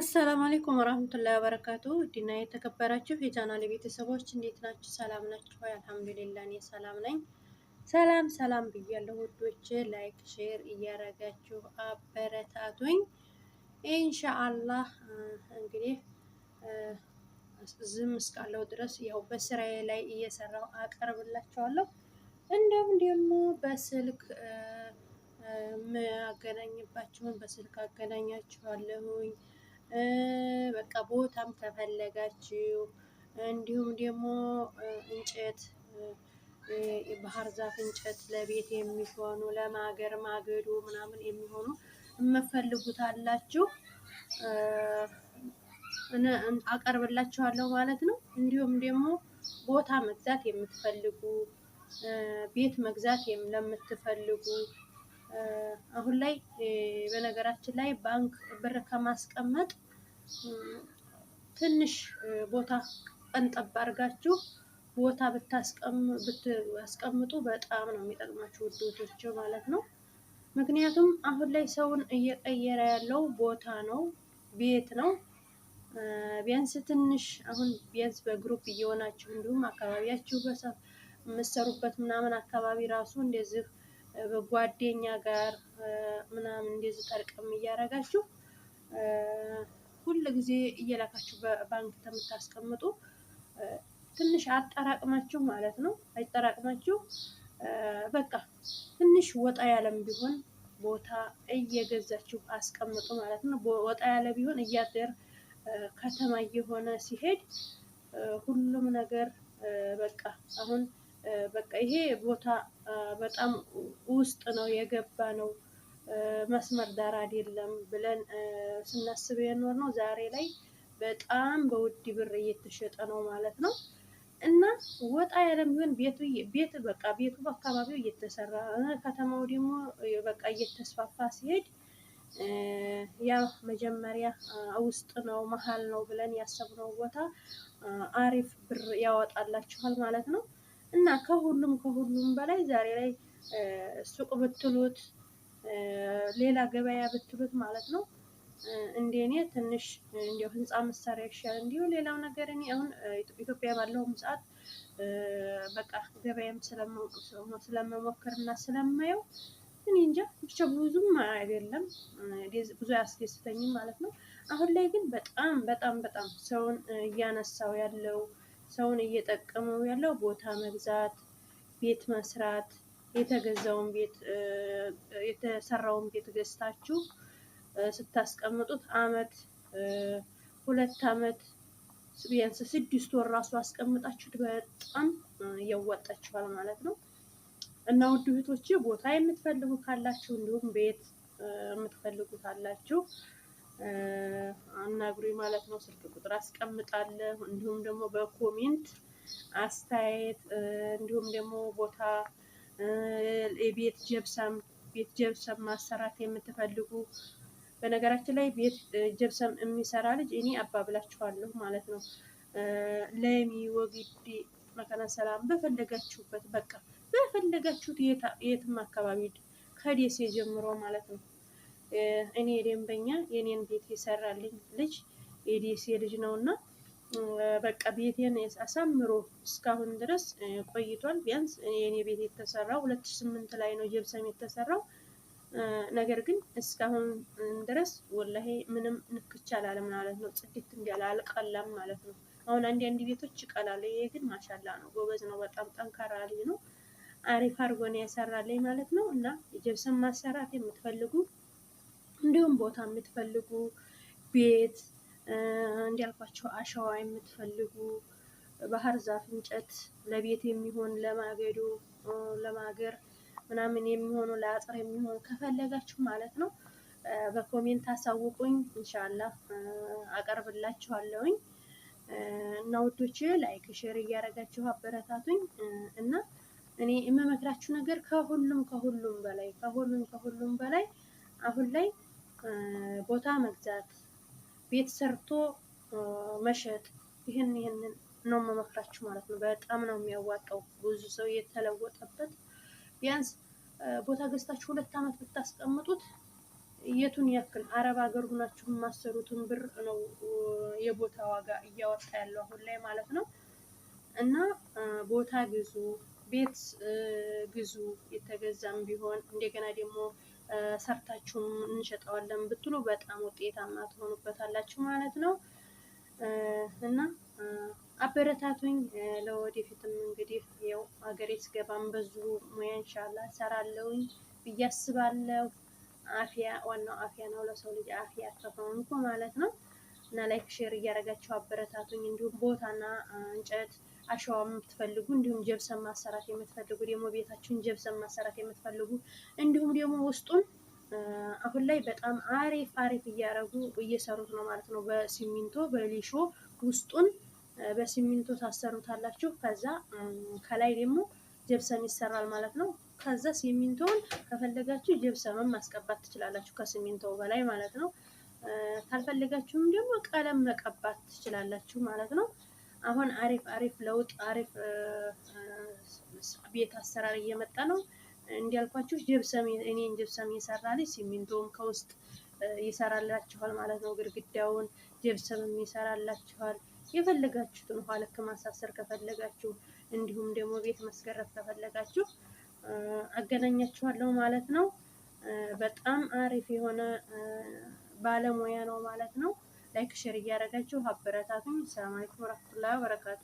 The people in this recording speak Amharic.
አሰላሙ አሌይኩም ወራህመቱላሂ ወበረካቱ ዲና የተከበራችሁ የቻናል ቤተሰቦች እንዴት ናችሁ? ሰላም ናችሁ? አልሐምዱሊላህ እኔ ሰላም ነኝ። ሰላም ሰላም ብያለሁ ውዶች፣ ላይክ ሼር እያረጋችሁ አበረታቱኝ። ኢንሻአላህ እንግዲህ ዝም እስካለው ድረስ ያው በስራዬ ላይ እየሰራው አቀርብላችኋለሁ። እንደውም ደግሞ በስልክ የማገናኝባችሁን በስልክ አገናኛችኋለሁኝ። በቃ ቦታም ተፈለጋችሁ፣ እንዲሁም ደግሞ እንጨት ባህር ዛፍ እንጨት ለቤት የሚሆኑ ለማገር ማገዶ ምናምን የሚሆኑ የምፈልጉት አላችሁ አቀርብላችኋለሁ ማለት ነው። እንዲሁም ደግሞ ቦታ መግዛት የምትፈልጉ ቤት መግዛት ለምትፈልጉ አሁን ላይ በነገራችን ላይ ባንክ ብር ከማስቀመጥ ትንሽ ቦታ ቀንጠብ አድርጋችሁ ቦታ ብታስቀምጡ በጣም ነው የሚጠቅማችሁ ውዶቶች ማለት ነው። ምክንያቱም አሁን ላይ ሰውን እየቀየረ ያለው ቦታ ነው፣ ቤት ነው። ቢያንስ ትንሽ አሁን ቢያንስ በግሩፕ እየሆናችሁ እንዲሁም አካባቢያችሁ በሰፍ የምትሰሩበት ምናምን አካባቢ ራሱ እንደዚህ በጓደኛ ጋር ምናምን እንደዚህ ጠርቅም እያደረጋችሁ ሁል ጊዜ እየላካችሁ በባንክ ከምታስቀምጡ ትንሽ አጠራቅማችሁ ማለት ነው። አይጠራቅማችሁ በቃ ትንሽ ወጣ ያለም ቢሆን ቦታ እየገዛችሁ አስቀምጡ ማለት ነው። ወጣ ያለ ቢሆን እያደር ከተማ እየሆነ ሲሄድ ሁሉም ነገር በቃ አሁን በቃ ይሄ ቦታ በጣም ውስጥ ነው የገባ ነው መስመር ዳር አይደለም ብለን ስናስብ የኖር ነው። ዛሬ ላይ በጣም በውድ ብር እየተሸጠ ነው ማለት ነው። እና ወጣ ያለም ቢሆን ቤት በቃ ቤቱ በአካባቢው እየተሰራ ከተማው ደግሞ በቃ እየተስፋፋ ሲሄድ ያ መጀመሪያ ውስጥ ነው መሀል ነው ብለን ያሰብነው ቦታ አሪፍ ብር ያወጣላችኋል ማለት ነው። እና ከሁሉም ከሁሉም በላይ ዛሬ ላይ ሱቅ ብትሉት ሌላ ገበያ ብትሉት ማለት ነው እንደ እኔ ትንሽ እንዲያው ህንፃ መሳሪያ ይሻል። እንዲሁ ሌላው ነገር እኔ አሁን ኢትዮጵያ ባለውም ሰዓት በቃ ገበያም ስለመሞከር እና ስለማየው እኔ እንጃ ብቻ ብዙም አይደለም ብዙ አያስደስተኝም ማለት ነው። አሁን ላይ ግን በጣም በጣም በጣም ሰውን እያነሳው ያለው ሰውን እየጠቀመው ያለው ቦታ መግዛት፣ ቤት መስራት፣ የተገዛውን ቤት የተሰራውን ቤት ገዝታችሁ ስታስቀምጡት አመት ሁለት አመት ቢያንስ ስድስት ወር ራሱ አስቀምጣችሁት በጣም እያዋጣችኋል ማለት ነው። እና ውድ እህቶቼ ቦታ የምትፈልጉ ካላችሁ እንዲሁም ቤት የምትፈልጉ ካላችሁ አናግሪ ማለት ነው። ስልክ ቁጥር አስቀምጣለሁ። እንዲሁም ደግሞ በኮሜንት አስተያየት እንዲሁም ደግሞ ቦታ የቤት ጀብሰም ቤት ጀብሰም ማሰራት የምትፈልጉ በነገራችን ላይ ቤት ጀብሰም የሚሰራ ልጅ እኔ አባብላችኋለሁ ማለት ነው። ለሚ ወግዲ መከነ ሰላም በፈለጋችሁበት በቃ በፈለጋችሁት የትም አካባቢ ከደሴ ጀምሮ ማለት ነው እኔ የደንበኛ የኔን ቤት የሰራልኝ ልጅ የዲሲ ልጅ ነው እና በቃ ቤቴን አሳምሮ እስካሁን ድረስ ቆይቷል። ቢያንስ የኔ ቤት የተሰራው ሁለት ስምንት ላይ ነው ጀብሰም የተሰራው። ነገር ግን እስካሁን ድረስ ወላሄ ምንም ንክቻ አላለም ማለት ነው። ጽድት እንዲያለ አልቀላም ማለት ነው። አሁን አንድ አንድ ቤቶች ይቀላሉ። ይሄ ግን ማሻላ ነው፣ ጎበዝ ነው፣ በጣም ጠንካራ ልጅ ነው። አሪፍ አድርጎ ነው የሰራልኝ ማለት ነው። እና የጀብሰም ማሰራት የምትፈልጉ እንዲሁም ቦታ የምትፈልጉ ቤት እንዲያልኳቸው አሸዋ የምትፈልጉ ባህር ዛፍ እንጨት ለቤት የሚሆን ለማገዶ ለማገር ምናምን የሚሆኑ ለአጥር የሚሆኑ ከፈለጋችሁ ማለት ነው በኮሜንት አሳውቁኝ። እንሻላ አቀርብላችኋለሁኝ። እና ውዶች ላይክ ሼር እያደረጋችሁ አበረታቱኝ። እና እኔ የምመክራችሁ ነገር ከሁሉም ከሁሉም በላይ ከሁሉም ከሁሉም በላይ አሁን ላይ ቦታ መግዛት፣ ቤት ሰርቶ መሸጥ፣ ይህን ይህንን ነው የምመክራችሁ ማለት ነው። በጣም ነው የሚያዋጣው። ብዙ ሰው የተለወጠበት ቢያንስ ቦታ ገዝታችሁ ሁለት ዓመት ብታስቀምጡት የቱን ያክል አረብ ሀገር ሁናችሁ የማሰሩትን ብር ነው የቦታ ዋጋ እያወጣ ያለው አሁን ላይ ማለት ነው። እና ቦታ ግዙ፣ ቤት ግዙ፣ የተገዛም ቢሆን እንደገና ደግሞ ሰርታችሁም እንሸጠዋለን ብትሉ በጣም ውጤታማ ትሆኑበታላችሁ ማለት ነው። እና አበረታቱኝ። ለወደፊትም እንግዲህ ያው ሀገሬ ስገባም በዙ ሙያ እንሻላ ሰራለውኝ ብዬ አስባለሁ። አፍያ ዋናው አፍያ ነው። ለሰው ልጅ አፍያ ከሆኑ እኮ ማለት ነው። እና ላይክ ሼር እያደረጋችሁ አበረታቱኝ። እንዲሁም ቦታና እንጨት አሸዋ የምትፈልጉ እንዲሁም ጀብሰን ማሰራት የምትፈልጉ ደግሞ ቤታችሁን ጀብሰን ማሰራት የምትፈልጉ እንዲሁም ደግሞ ውስጡን አሁን ላይ በጣም አሪፍ አሪፍ እያደረጉ እየሰሩት ነው ማለት ነው። በሲሚንቶ በሊሾ ውስጡን በሲሚንቶ ታሰሩታላችሁ። ከዛ ከላይ ደግሞ ጀብሰም ይሰራል ማለት ነው። ከዛ ሲሚንቶን ከፈለጋችሁ ጀብሰምን ማስቀባት ትችላላችሁ፣ ከሲሚንቶው በላይ ማለት ነው። ካልፈለጋችሁም ደግሞ ቀለም መቀባት ትችላላችሁ ማለት ነው። አሁን አሪፍ አሪፍ ለውጥ አሪፍ ቤት አሰራር እየመጣ ነው። እንዲያልኳችሁ ጅብሰም እኔን ጅብሰም ይሰራል፣ ሲሚንቶም ከውስጥ ይሰራላችኋል ማለት ነው። ግድግዳውን ጅብሰምም ይሰራላችኋል። የፈለጋችሁትን ውሃ ልክ ማሳሰር ከፈለጋችሁ እንዲሁም ደግሞ ቤት መስገረፍ ከፈለጋችሁ አገናኛችኋለሁ ማለት ነው። በጣም አሪፍ የሆነ ባለሙያ ነው ማለት ነው። ላይክ፣ ሼር እያደረጋችሁ አበረታቱኝ። ሰላም አለይኩም ወረህመቱላሂ ወበረካቱ